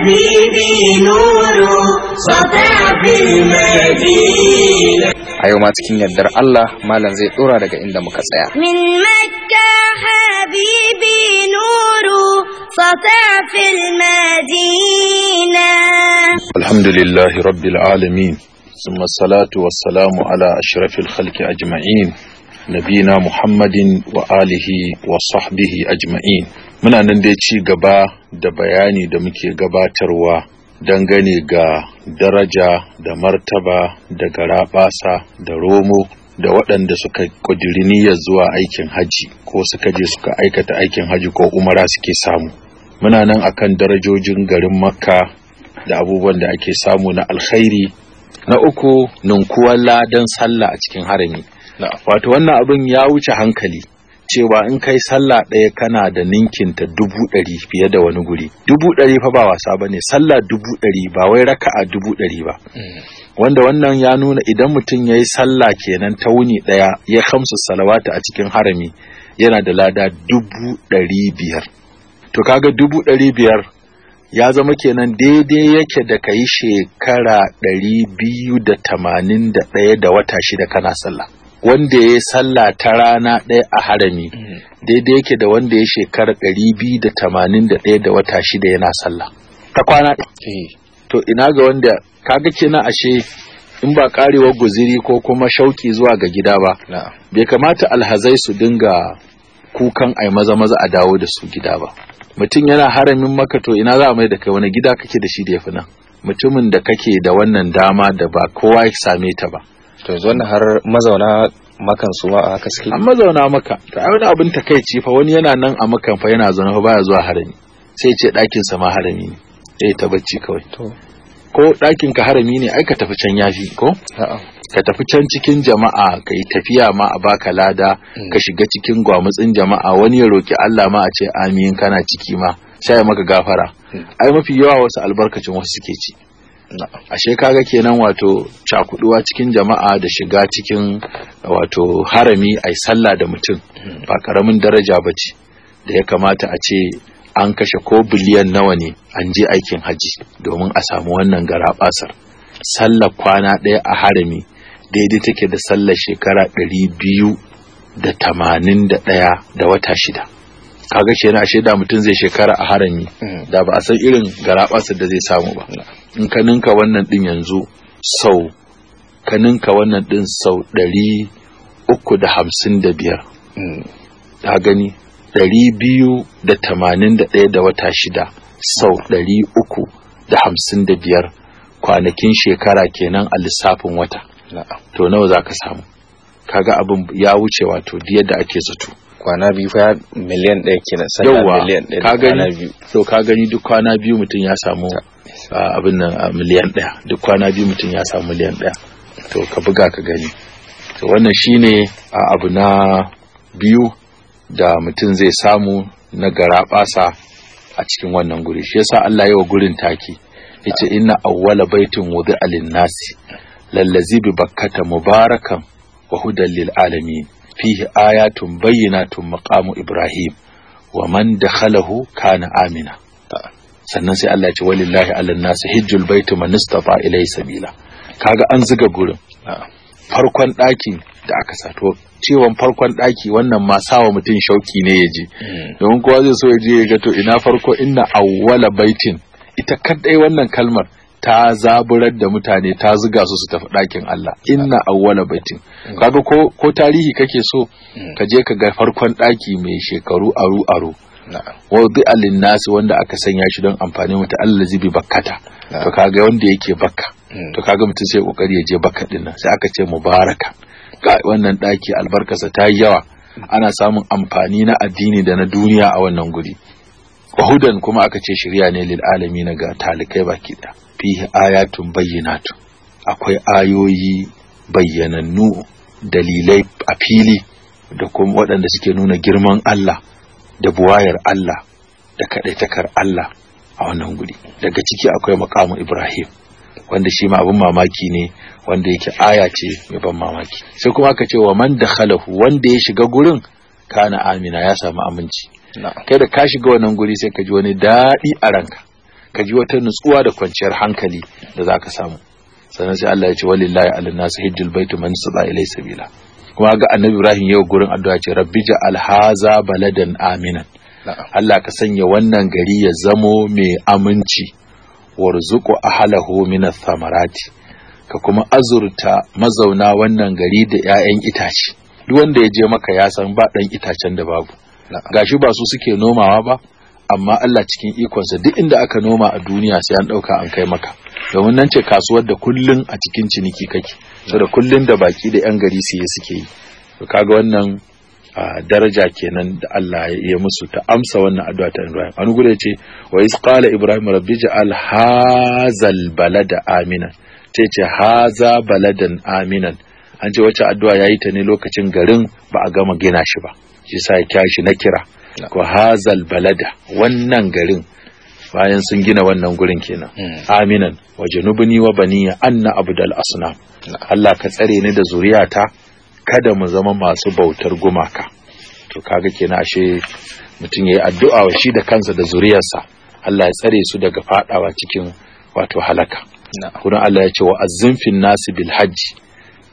حبيبي نور سطع في المدينة أيوة ما تكين يدر الله ما لنزي دورا لك إن دمك من مكة حبيبي نور سطع في المدينة الحمد لله رب العالمين ثم الصلاة والسلام على أشرف الخلق أجمعين نبينا محمد وآله وصحبه أجمعين muna nan dai ci gaba da bayani da muke gabatarwa dangane ga daraja da martaba da garaɓasa da romo da waɗanda suka ƙudiri niyyar zuwa aikin haji ko suka je suka aikata aikin haji ko umara suke samu muna nan akan darajojin garin makka da abubuwan da ake samu na alkhairi na uku ninkuwar ladan sallah a cikin harami wato wannan abin ya wuce hankali cewa in kai sallah ɗaya kana da ninkinta dubu ɗari fiye da wani guri dubu ɗari fa ba wasa ba ne sallah dubu ɗari ba wai raka'a dubu ɗari ba mm. wanda wannan ya nuna idan mutum ya yi sallah kenan ta wuni ɗaya ya kamsa salawata a cikin harami yana da lada dubu ɗari biyar to kaga dubu ɗari biyar ya zama kenan daidai yake da ka yi shekara ɗari biyu da tamanin da ɗaya da wata shida kana sallah wanda ya yi sallah ta rana ɗaya a harami mm. daidai yake da wanda ya shekara ɗari biyu da tamanin da ɗaya da wata shida yana salla ta kwana eh, to ina ga wanda kaga kenan ashe in ba karewar guziri ko kuma shauki zuwa ga gida ba bai kamata alhazai su dinga kukan ai maza maza a dawo da su gida ba mutum yana haramin maka to ina za a mai da kai wani gida kake da shi da yafi nan mutumin da kake da wannan dama da ba kowa ya same ta ba to yanzu wannan har mazauna makan su ma a haka suke an mazauna maka to ai wani abin takaici fa wani yana nan a makan fa yana zaune fa baya zuwa harami sai ce ɗakin sa ma harami ne sai eh, ta bacci kawai to ko ɗakin ka harami ne ai ka tafi can yafi ko ka tafi can cikin jama'a ka yi tafiya ma a baka lada mm. ka shiga cikin gwamutsin jama'a wani ya roki Allah ma a ce amin kana ciki ma sai maka gafara mm. ai mafi yawa wasu albarkacin wasu suke ci ashe kaga kenan wato cakuduwa cikin jama'a da shiga cikin wato harami ai sallah da mutum hmm. ba karamin daraja ba ce da ya kamata a ce an kashe ko biliyan nawa ne an je aikin haji domin a samu wannan garabasar sallar kwana ɗaya a harami daidai take da sallar shekara ɗari biyu da tamanin da ɗaya da wata shida kaga kenan ashe da mutum zai shekara a harami mm. da ba a san irin garaɓasa da zai samu ba mm. in ka ninka wannan din yanzu sau kaninka wannan din sau ɗari uku da hamsin da biyar ta mm. gani ɗari biyu da tamanin da ɗaya da wata shida sau ɗari uku da hamsin da biyar kwanakin shekara kenan a lissafin wata to nawa za ka samu kaga abin ya wuce wato yadda ake zato kwana biyu fa miliyan ɗaya kenan sallah miliyan ɗaya da kwana biyu to ka gani duk kwana biyu mutum ya samu abin nan miliyan ɗaya duk kwana biyu mutum ya samu miliyan ɗaya to ka buga ka gani to wannan shine abu na biyu da mutum zai samu na garaɓasa a cikin wannan guri shi yasa Allah ya wa gurin taki yace inna awwala baitin wudi'a lin-nasi lallazi bi bakkata mubarakan wa hudan lil alamin tun ayatun tun maqamu ibrahim wa man dakhalahu kana amina sannan sai Allah ya ce walillahi alal nasi hijjul baiti man istata ilay sabila kaga an gurin farkon ɗakin da aka sato cewan farkon ɗaki wannan ma sawa mutum shauki ne ya ji hmm. domin kowa zai so ya je ya ga to ina farko inna awwala baitin ita kadai wannan kalmar ta zaburar da mutane ta zuga su su tafi ɗakin Allah inna awwala baitin kaga ko ko tarihi kake so hmm. ka je ka ga farkon ɗaki mai shekaru aru aru wadda alin nasi wanda aka sanya shi don amfani mutu Allah zibi bakkata to kaga wanda yake bakka hmm. to kaga mutum sai kokari ya je bakka din nan sai aka ce mubaraka ga wannan ɗaki albarkasa ta yawa ana samun amfani na addini da na duniya a wannan guri hudan kuma aka ce shirya ne lil alamin ga talikai baki ɗaya fihi ayatun bayyinatu akwai ayoyi bayyanannu dalilai a fili da kuma waɗanda suke nuna girman Allah da buwayar Allah da kaɗaitakar Allah a wannan guri daga ciki akwai makamu Ibrahim wanda shi ma abin mamaki ne wanda yake aya ce mai ban mamaki sai kuma aka ce wa man dakhalahu wanda ya shiga gurin kana amina ya samu aminci kai da ka shiga wannan guri sai ka ji wani daɗi a ranka ka ji wata nutsuwa da kwanciyar hankali da za ka samu sannan sai Allah ya ce walillahi ala nasu hijjul baitu man saba ilai sabila kuma ga annabi Ibrahim yau gurin addu'a ce rabbi ja alhaza haza baladan Amina, Allah ka sanya wannan gari ya zamo mai aminci warzuqu ahlahu minath thamarati ka kuma azurta mazauna wannan gari da 'ya'yan itace duk wanda ya je maka ya san ba dan itacen da babu gashi ba su suke nomawa ba amma Allah cikin ikonsa duk inda aka noma a duniya sai an ɗauka an kai maka domin nan ce kasuwar da kullun a cikin ciniki kake so kullun da baki da 'yan gari siye suke yi to kaga wannan daraja kenan da Allah ya musu ta amsa wannan addu'a ta Ibrahim an gure ce wa is qala Ibrahim rabbi ja'al hazal balada Amina ce ce haza baladan aminan an ce wacce addu'a yayi ta ne lokacin garin ba a gama gina shi ba shi sa ya shi na kira ko hazal balada wannan garin bayan sun gina wannan gurin kenan hmm. aminan wa janubni wa baniya anna abdal asnam Allah ka tsare ni da zuriyata kada mu zama masu bautar gumaka to kaga kenan ashe mutum yayi addu'a wa shi da kansa da zuriyarsa Allah ya tsare su daga fadawa cikin wato halaka kuma Allah ya ce wa azzin fin nasi bil hajji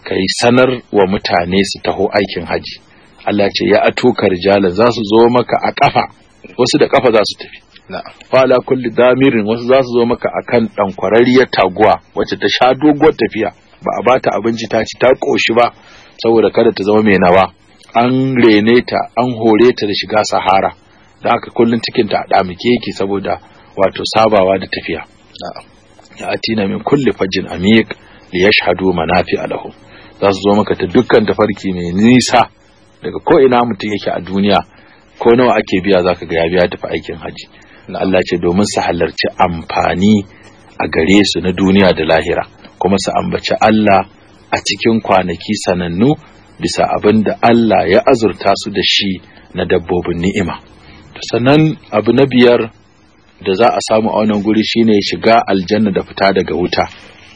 kai sanar wa mutane su taho aikin haji Allah ce ya ato karjala za su zo maka a kafa wasu da kafa za su tafi fala kulli damirin wasu za su zo maka akan ɗankwararriyar taguwa wacce ta sha doguwar tafiya ba a bata abinci ta ci ta ƙoshi ba saboda kada ta zama mai nawa an rene ta an hore ta da shiga sahara da aka kullun cikin ta a yake saboda wato sabawa da tafiya ya atina min kulli fajin amik li yashhadu manafi alahu. za su zo maka ta dukkan tafarki mai nisa daga ko ina mutum yake a duniya ko nawa ake biya zaka ga ya biya tafi aikin haji Allah ce domin su halarci amfani a gare su na duniya da lahira kuma su ambaci Allah a cikin kwanaki sanannu bisa abin da Allah ya azurta su da shi na dabbobin ni'ima sannan abu na biyar da za a samu a wannan guri shine shiga aljanna da fita daga wuta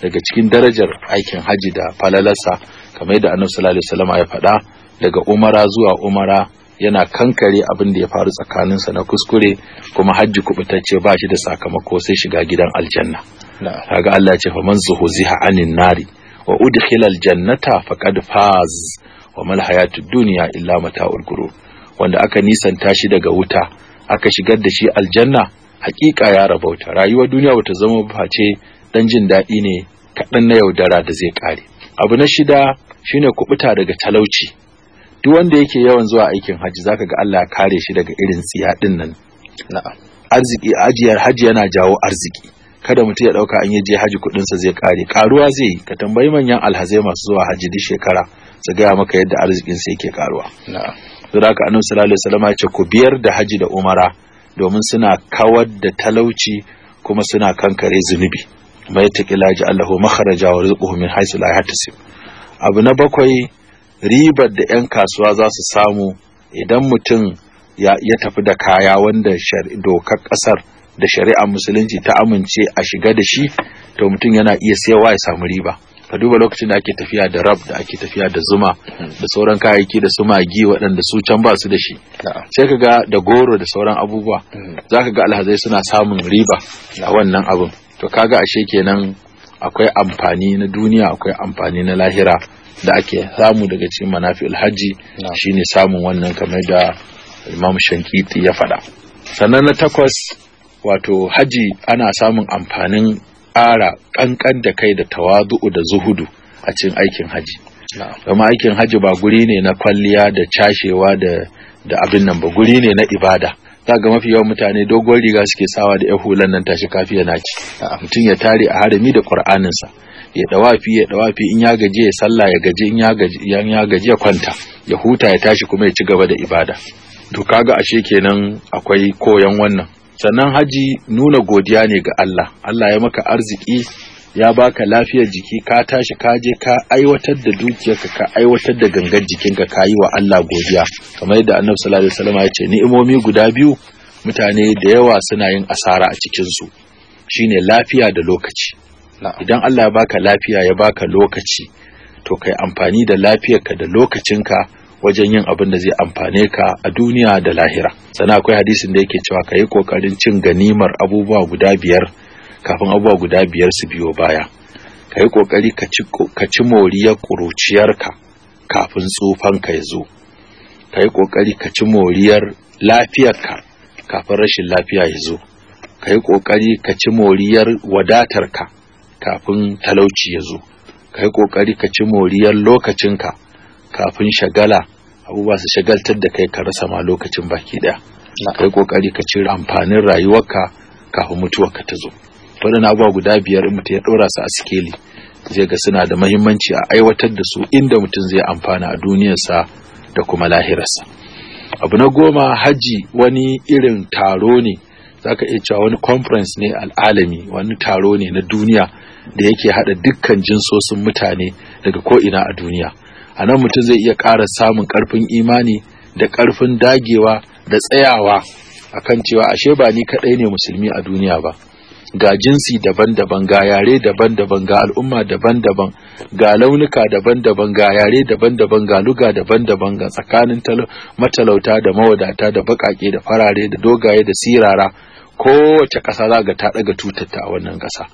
daga cikin darajar aikin haji da falalarsa kamar yadda annabi sallallahu alaihi wasallam ya faɗa daga umara zuwa umara yana kankare abin da ya faru tsakaninsa na kuskure kuma hajji kubutacce ba shi da sakamako sai shiga gidan aljanna kaga Allah ce fa man zuhuziha anin nari wa udkhila aljannata faqad faz wa mal hayatud dunya illa mata'ul wanda aka nisanta shi daga wuta aka shigar da shi aljanna hakika ya rabauta rayuwar duniya wata zama face dan jin daɗi ne kaɗan na yaudara da zai ƙare abu na shida shine kuɓuta daga talauci duk wanda yake yawan zuwa aikin hajji zaka ga Allah ya kare shi daga irin tsiya din nan arziki ajiyar hajji yana jawo arziki kada mutum ya dauka an je haji kudin sa zai kare karuwa zai ka tambayi manyan alhazai masu zuwa haji duk shekara su gaya maka yadda arzikin sa yake karuwa na'am saboda annabi sallallahu alaihi wasallam ya ce ku biyar da haji da umara domin suna kawar da talauci kuma suna kankare zunubi mai taƙila ji Allahu makhraja wa rizquhu min haythu la yahtasib abu na bakwai ribar da 'yan kasuwa za su samu idan mutum ya tafi da kaya wanda dokar ƙasar da shari'ar musulunci ta amince a shiga da shi to mutum yana iya sayarwa ya samu riba ka duba lokacin da ake tafiya da rab da ake tafiya da zuma da sauran kayayyaki da su magi waɗanda su can ba su da shi sai ka ga da goro da sauran abubuwa hmm. za ka ga alhazai suna samun riba a wannan abin to kaga ashe kenan akwai amfani na duniya akwai amfani na lahira da ake samu daga cikin manafi'ul hajji shine samun wannan kamar da imam shankiti ya faɗa sannan na takwas wato haji ana samun amfanin ƙara ƙanƙan da kai da tawazu'u da zuhudu a cikin aikin haji kuma aikin haji ba guri ne na kwalliya da cashewa da abin nan ba guri ne na ibada za ga mafi yawan mutane dogon riga suke sawa da yan hulan nan tashi kafiya na a mutum ya tare a harami da sa ya dawafi ya dawafi in ya gaje ya sallah ya gaje in ya gaje ya gaje ya kwanta ya huta ya tashi kuma ya ci gaba da ibada to kaga ashe kenan akwai koyan wannan sannan haji nuna godiya ne ga Allah Allah ya maka arziki ya baka lafiyar jiki ka tashi ka je ka aiwatar da dukiyarka ka aiwatar da gangar jikinka ka yi wa Allah godiya kamar yadda annabi sallallahu alaihi wasallam ya ce ni'imomi guda biyu mutane da yawa suna yin asara a cikin su shine lafiya da lokaci idan Allah ya baka lafiya ya baka lokaci to kai amfani da lafiyarka da lokacinka wajen yin abin da zai amfane ka a duniya da lahira sana akwai hadisin da yake cewa ka yi kokarin cin ganimar abubuwa guda biyar kafin abubuwa guda biyar su biyo baya ka yi ƙoƙari ka ci moriyar ƙuruciyarka kafin tsufanka ya zo ka yi ƙoƙari ka ci moriyar lafiyarka kafin rashin lafiya ya zo ka yi ƙoƙari ka ci moriyar wadatarka kafin talauci ya zo ka yi ƙoƙari ka ci moriyar lokacinka kafin shagala abubuwa su shagaltar da kai ka rasa ma lokacin baki ɗaya ka yi ƙoƙari ka ci amfanin rayuwarka kafin mutuwarka ta zo waɗannan abubuwa guda biyar in mutum ya ɗora su a sikeli zai ga suna da mahimmanci a aiwatar da su inda mutum zai amfana a duniyarsa da kuma lahirarsa abu na goma hajji wani irin taro ne Za ka iya cewa wani conference ne al'alami wani taro ne na duniya da yake haɗa dukkan jinsosin mutane daga ko'ina a duniya a nan mutum zai iya ƙara samun ƙarfin imani da ƙarfin dagewa da tsayawa akan cewa ashe ba ni kaɗai ne musulmi a duniya ba ga jinsi daban-daban ga yare daban-daban ga al'umma daban-daban ga launuka daban-daban ga yare daban-daban ga luga daban-daban ga tsakanin matalauta da mawadata da bakake da farare da dogaye da sirara kowace ƙasa za ga ta ɗaga tutatta a wannan ƙasa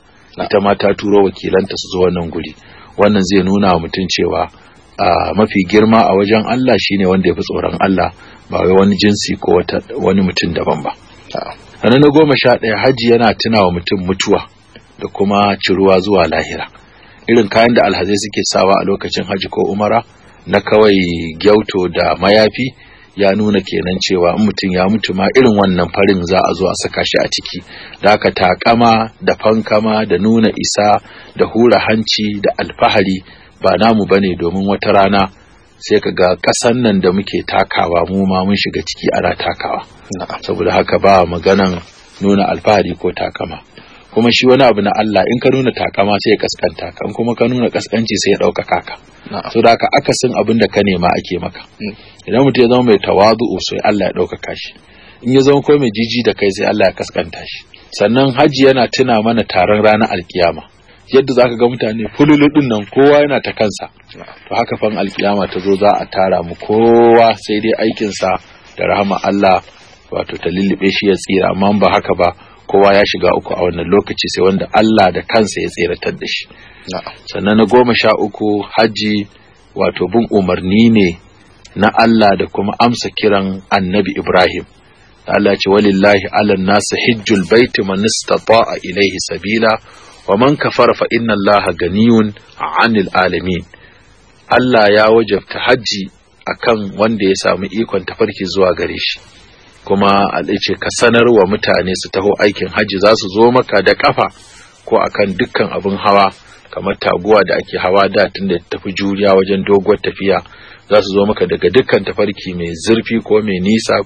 ita ma ta turo wakilanta su zo wannan guri wannan zai nuna wa mutum cewa a mafi girma a wajen Allah shine wanda ya fi tsoron Allah ba wai wani jinsi ko wani mutum daban ba. sannan na goma sha ɗaya hajji yana tuna wa mutum mutuwa da kuma ciruwa zuwa lahira irin kayan da alhazai suke sawa a lokacin hajji ko umara na kawai gyauto da mayafi ya nuna kenan cewa in mutum ya mutu ma irin wannan farin za a zo a saka shi a ciki da aka takama da fankama da nuna isa da hura hanci da alfahari ba namu bane domin wata rana sai ka ga ƙasan nan da muke takawa mu ma mun shiga ciki ana takawa saboda haka ba maganan nuna alfahari ko takama kuma shi wani abu na Allah in ka nuna takama sai ya kaskanta Kan in kuma ka nuna kaskanci sai ya ɗaukaka ka so da haka akasin abin da ka nema ake maka mm. idan mutum ya zama mai tawazu'u sai Allah ya ɗaukaka shi in ya zama ko mai jiji da kai sai Allah ya kaskanta shi sannan hajji yana tuna mana taron ranar alkiyama yadda za ka ga mutane fululudin nan kowa yana ta kansa to haka fan alkiyama ta zo za a tara mu kowa sai dai aikinsa da rahama Allah wato ta lullube shi ya tsira amma ba haka ba kowa ya shiga uku a wannan lokaci sai wanda Allah da kansa ya tseratar da shi sannan na goma sha uku haji wato bin umarni ne na Allah da kuma amsa kiran annabi Ibrahim Allah ce walillahi alan nasu hijjul baiti man istata'a ilaihi sabila wa man kafara fa inna allaha ganiyun anil alamin Allah ya wajabta hajji akan wanda ya samu ikon tafarki zuwa gare shi kuma alice ka sanar wa mutane su taho aikin hajji za su zo maka da kafa ko akan dukkan abin hawa kamar taguwa da ake hawa da tunda tafi juriya wajen doguwar tafiya za su zo maka daga dukkan tafarki mai zurfi ko mai nisa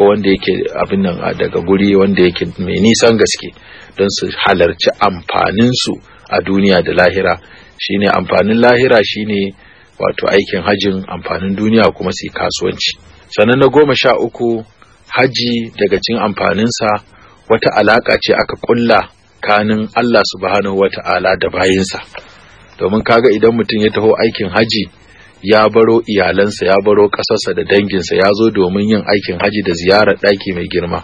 ko wanda yake abin nan daga guri wanda yake mai nisan gaske don su halarci amfaninsu a duniya da lahira shine amfanin lahira shine wato aikin hajjin amfanin duniya kuma su kasuwanci sannan na goma sha uku haji daga cin amfaninsa wata alaƙa ce aka ƙulla kanin Allah subhanahu wa da bayinsa domin kaga idan mutum ya taho aikin haji ya baro iyalansa ya baro ƙasarsa da danginsa ya zo domin yin aikin haji da ziyarar ɗaki mai girma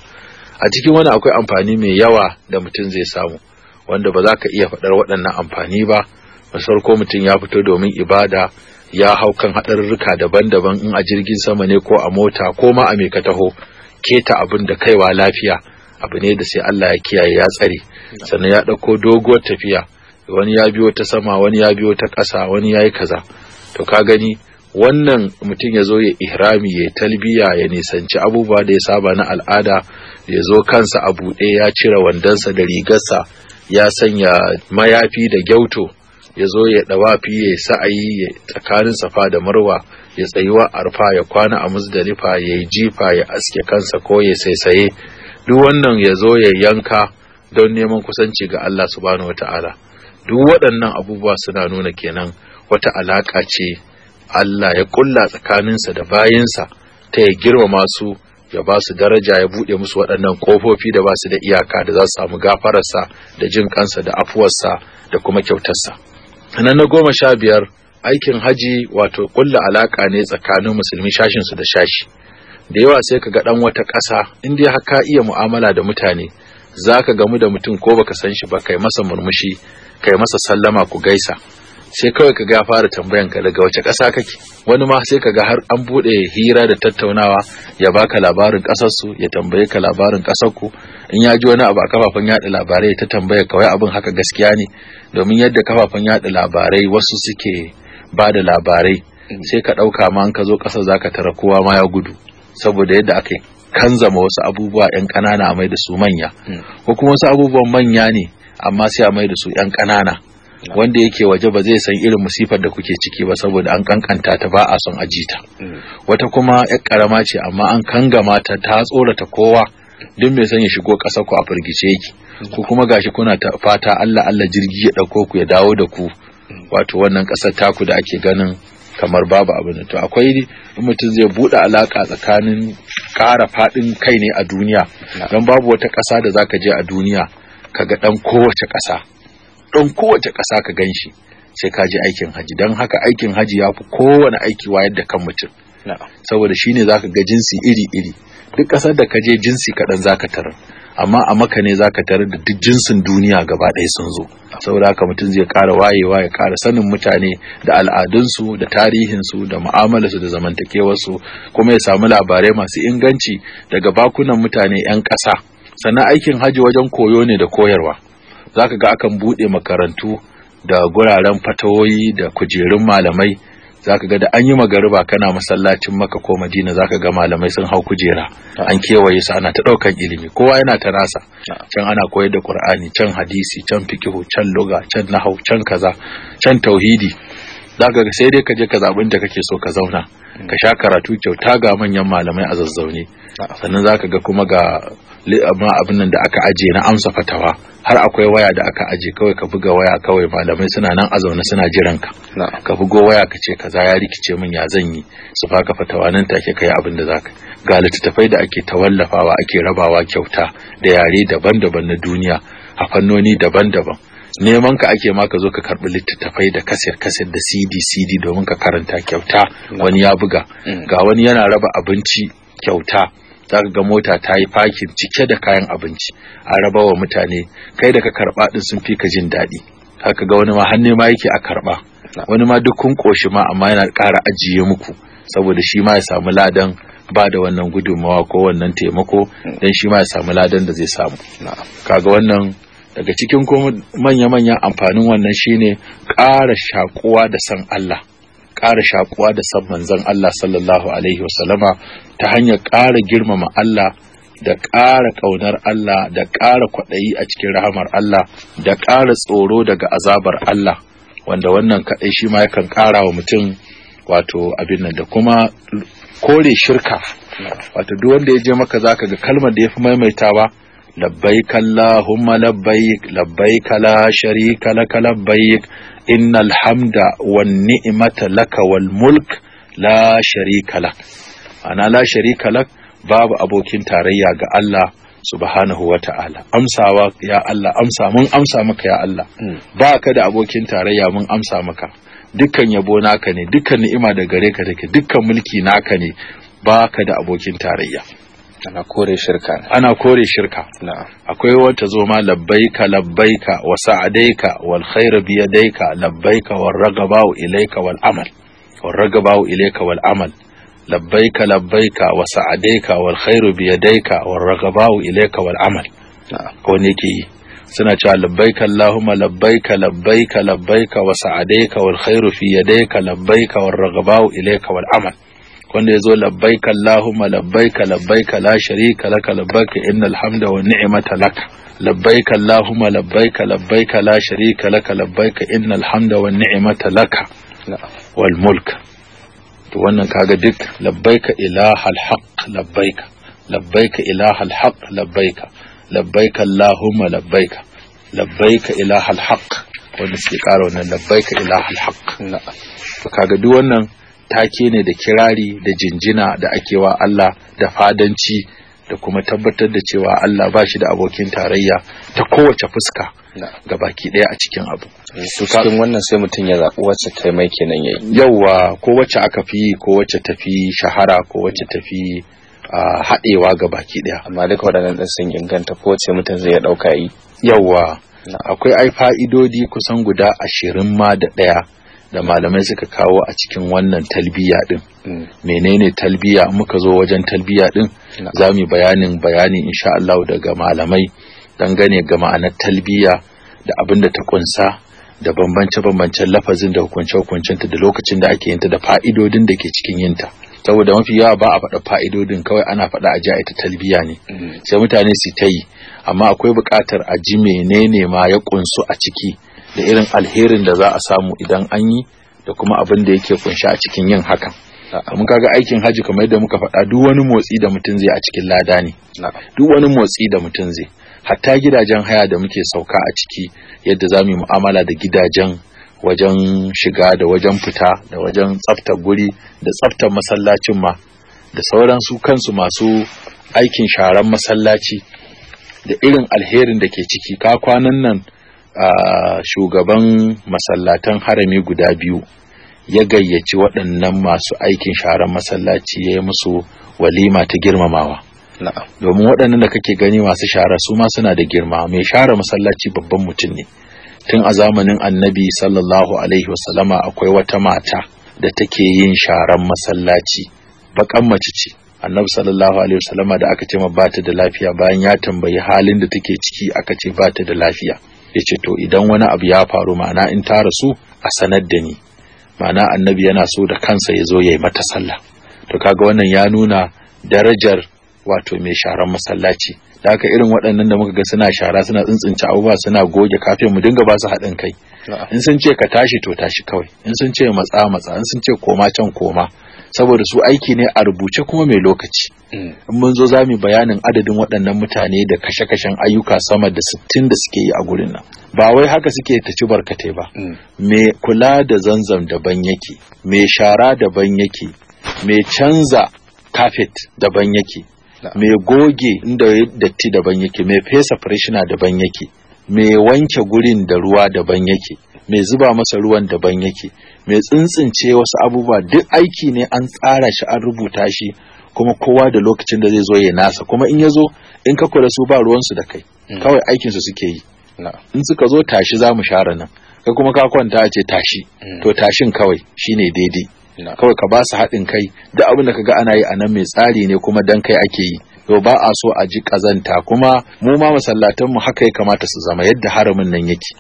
a cikin wani akwai amfani mai yawa da mutum zai samu wanda ba za ka iya faɗar waɗannan amfani ba masarko mutum ya fito domin ibada ya hau kan haɗarurruka daban-daban in a jirgin sama ne ko a mota ko ma a mai kataho. keta abin da kaiwa lafiya abu ne da sai Allah ya kiyaye ya tsare sannan ya ɗauko doguwar tafiya wani ya biyo ta sama wani ya biyo ta ƙasa wani ya yi kaza to ka gani wannan mutum ya zo ya ihrami ya talbiya ya nisanci abubuwa da ya saba na al'ada ya zo kansa a buɗe ya cire wandonsa da rigarsa ya sanya mayafi da gyauto ya zo ya ɗawafi ya sa'ayi ya tsakanin safa da marwa ya tsayuwa arfa ya kwana a musdalifa ya yi jifa ya aske kansa ko ya saisaye duk wannan ya zo ya yanka don neman kusanci ga Allah subhanahu wata'ala duk waɗannan abubuwa suna nuna kenan wata alaƙa ce Allah ya ƙulla tsakaninsa da bayinsa ta ya girmama su ya ba su daraja ya buɗe musu waɗannan ƙofofi da ba su da iyaka da za su samu gafararsa da jin kansa da afuwarsa da kuma kyautarsa. Nan na goma sha biyar aikin haji wato ƙulla alaƙa ne tsakanin musulmi shashinsu da shashi. Da yawa sai ka ga ɗan wata ƙasa in dai ka iya mu'amala da mutane za ka gamu da mutum ko baka san shi ba kai masa murmushi kai masa sallama ku gaisa sai kawai ka ga fara tambayan ka daga wace ƙasa kake wani ma sai ka ga har an buɗe hira da tattaunawa ya baka labarin ƙasarsu ya tambaye ka labarin ƙasarku in ya ji wani abu a kafafen yaɗa labarai ta tambaya kawai abin haka gaskiya ne domin yadda kafafen yaɗa labarai wasu suke ba da labarai mm. sai ka ɗauka ma an ka zo ƙasa zaka ka tara kowa ma ya gudu saboda yadda aka yi kanzama wasu abubuwa yan kanana a mai da su manya hmm. ko kuma wasu abubuwan manya ne amma sai a mai da su yan ƙanana hmm. wanda yake waje ba zai san irin musifar da kuke ciki ba saboda an kankanta ta ba a son ajita hmm. wata kuma yar karama ce amma an kangama ta ta tsorata kowa duk mai son ya shigo ƙasar ku a firgice yake ko kuma gashi kuna fata Allah Allah jirgi ya dauko ku ya dawo da ku wato wannan ƙasar taku da ake ganin kamar babu abin to akwai in mutum zai buɗe alaka tsakanin ƙara faɗin kai ne a duniya don babu wata ƙasa da zaka je a duniya kaga dan kowace ƙasa dan kowace ƙasa ka gan shi sai ka je aikin haji don haka aikin haji ya fi kowane aiki wayar da kan mutum saboda shine zaka ga jinsi iri iri duk ƙasar da ka je jinsi kaɗan zaka tarar amma a maka ne zaka tarar da duk jinsin duniya gaba ɗaya sun zo saboda haka mutum zai ƙara wayewa ya ƙara sanin mutane da al'adunsu da tarihinsu da mu'amalarsu da zamantakewarsu kuma ya samu labarai masu inganci daga bakunan mutane 'yan ƙasa sannan aikin hajji wajen koyo ne da koyarwa zaka ga akan buɗe makarantu da guraren fatawoyi da kujerun malamai zaka ga da an yi magariba kana masallacin maka ko madina zaka ga malamai sun hau kujera an kewaye su ana ta daukan ilimi kowa yana ta nasa can ana koyar da qur'ani can hadisi can fikihu can lugha can nahau can kaza can tauhidi za ga sai dai ka je ka zaɓi da kake so ka zauna hmm. ka sha karatu kyauta ga manyan malamai a zazzaune sannan zaka ga kuma ga ma abin nan da aka aje na amsa fatawa har akwai waya da aka aje kawai ka buga waya kawai malamai suna nan a zaune suna jiran ka ka bugo waya ka ce kaza ya rikice min ya zan yi su faka fatawa nan take kai abin da zaka ga littattafai da ake tawallafawa ake rabawa kyauta da yare daban-daban na duniya a fannoni daban-daban neman ka ake ma ka zo ka karbi littattafai da kasir kasir da cd cd domin ka karanta kyauta mm. wani ya buga mm. ga wani yana raba abinci kyauta za ga mota ta yi fakin cike da kayan abinci a raba wa mutane kai da ka karba din sun fi ka jin daɗi haka ga wani ma hannu ma yake a karba wani ma duk kun koshi ma amma yana ƙara ajiye muku saboda shi ma ya samu ladan ba da wannan gudunmawa ko wannan taimako mm. don shi ma ya samu ladan da zai samu kaga wannan daga cikin kuma manya-manyan amfanin wannan shine ƙara shakuwa da san Allah ƙara shakuwa da san manzon Allah sallallahu alaihi wasallama ta hanyar ƙara girmama Allah da ƙara ƙaunar Allah da ƙara kwaɗayi a cikin rahamar Allah da ƙara tsoro daga azabar Allah wanda wannan kaɗai shi ma yakan ƙara wa mutum wato abin nan da kuma kore shirka wato duk wanda ya je maka zaka ga kalmar da ya fi maimaitawa لبيك اللهم لبيك لبيك لا شريك لك لبيك إن الحمد والنعمة لك والملك لا شريك لك أنا لا شريك لك باب أبو كنتاريا قال الله subhanahu wa ta'ala amsawa ya Allah amsa mun amsa maka ya Allah ba ka da abokin tarayya mun amsa maka dukkan yabo naka ne dukkan ni'ima da gare ka take dukkan mulki naka ne ba ka da abokin tarayya ana kore shirka ana kore shirka akwai wata zo ma labbaika labbaika wa sa'adaika wal khairu bi yadaika labbaika wal ragabau ilaika wal amal wal ragabau ilaika wal amal labbaika labbaika wa sa'adaika wal khairu bi yadaika wal ragabau ilaika wal amal ko ne ke yi suna cewa labbaika Allahumma labbaika labbaika labbaika wa sa'adaika wal khairu fi yadaika labbaika war ragabau ilayka wal amal wanda ya zo labbaika Allahumma labbaika labbaika la sharika laka labbaika innal hamda wa ni'mata lak labbaika Allahumma labbaika labbaika la sharika laka labbaika innal hamda wa ni'mata lak wal mulk to wannan kaga duk labbaika ilahal haqq labbaika labbaika ilahal haqq labbaika labbaika Allahumma labbaika labbaika ilahal haqq wanda suke ƙara wannan labbaika ilahal haqq to kaga duk wannan take ne da kirari da jinjina da akewa Allah da fadanci da kuma tabbatar da cewa Allah ba shi da abokin tarayya ta kowace fuska ga baki ɗaya a cikin abu. Eh, cikin wannan sai mutum ya zaɓi wacce ta mai kenan yayi. Yawwa ko wacce aka fi ko wacce tafi shahara ko wacce tafi haɗewa ga baki ɗaya. Amma duka waɗannan sun inganta ko wacce mutum zai ɗauka yi. Yawwa akwai ai fa'idodi kusan guda ashirin ma da ɗaya da malamai suka kawo a cikin wannan talbiya din mm. menene talbiya muka zo wajen talbiya din za mu bayanin bayani insha Allah daga malamai dangane ga ma'anar talbiya da abin da ta kunsa da bambance-bambancen lafazin da hukunce-hukuncenta da lokacin da ake yinta da fa'idodin da ke cikin yinta saboda mafi yawa ba a faɗa fa'idodin kawai ana faɗa a ji ita talbiya ne mm. sai mutane su ta yi amma akwai buƙatar a ji menene ma ya kunsu a ciki da irin alherin da za a samu idan an yi da kuma abin da yake kunshi a cikin yin hakan mun kaga aikin haji kamar yadda muka faɗa duk wani motsi da mutum zai a cikin lada ne duk wani motsi da mutum zai hatta gidajen haya da muke sauka a ciki yadda za mu yi mu'amala da gidajen wajen shiga da wajen fita da wajen tsaftar guri da tsaftar masallacin ma da sauran su kansu masu aikin sharan masallaci da irin alherin da ke ciki ka kwanan nan shugaban masallatan harami guda biyu ya gayyaci waɗannan masu aikin sharan masallaci ya yi musu walima ta girmamawa domin waɗannan da kake gani masu shara su ma suna da girma mai share masallaci babban mutum ne tun a zamanin annabi sallallahu alaihi wasallama akwai wata mata da take yin sharan masallaci bakan mace ce annabi sallallahu alaihi wasallama da aka ce ma bata da lafiya bayan ya tambayi halin da take ciki aka ce bata da lafiya ya ce to idan wani abu ya faru ma'ana in ta rasu a sanar da ni ma'ana annabi yana so da kansa ya zo ya yi mata sallah to kaga wannan ya nuna darajar wato mai sharan masallaci da haka irin waɗannan da muka ga suna shara suna tsintsince abubuwa suna goge kafin mu dinga ba su haɗin kai in sun ce ka tashi to tashi kawai in sun ce matsa matsa in sun ce koma can koma saboda su aiki ne a rubuce kuma mai lokaci mm. mun zo za mu bayanin adadin waɗannan mutane da kashe-kashen ayyuka sama da sittin da suke yi a gurin nan ba wai haka suke ta ci barkatai ba mm. me kula da zanzam daban yake mai shara daban yake mai canza kafet daban yake mai goge inda datti daban yake mai fesa freshina daban yake mai wanke gurin da ruwa daban yake mai zuba masa ruwan daban yake mai tsintsince wasu abubuwa duk aiki ne an tsara shi an rubuta shi kuma kowa da lokacin da zai zo ya nasa kuma in ya zo in ka kula su ba ruwansu da kai hmm. kawai aikin su suke yi in suka zo tashi za mu share nan kai kuma ka kwanta ce tashi hmm. to tashin kawai shine daidai kawai ka ba su haɗin kai duk abin da ka ga ana yi anan mai tsari ne kuma dan kai ake yi to ba a so a ji kazanta kuma mu ma masallatan mu haka ya kamata su zama yadda haramin nan yake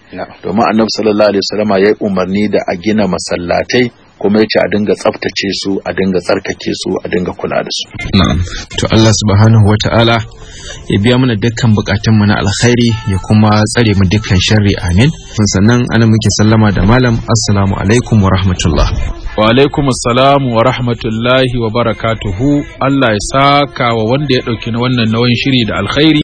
domin annabi sallallahu alaihi wasallam ya umarni da a gina masallatai kuma yace a dinga tsaftace su a dinga tsarkake su a dinga kula da su na'am to Allah subhanahu wata'ala ya biya mana dukkan bukatun na alkhairi ya kuma tsare mu dukkan sharri amin sannan ana muke sallama da malam assalamu alaikum wa rahmatullah wa alaikum wa rahmatullahi wa barakatuhu Allah ya saka wa wanda ya ɗauki wannan nauyin shiri da alkhairi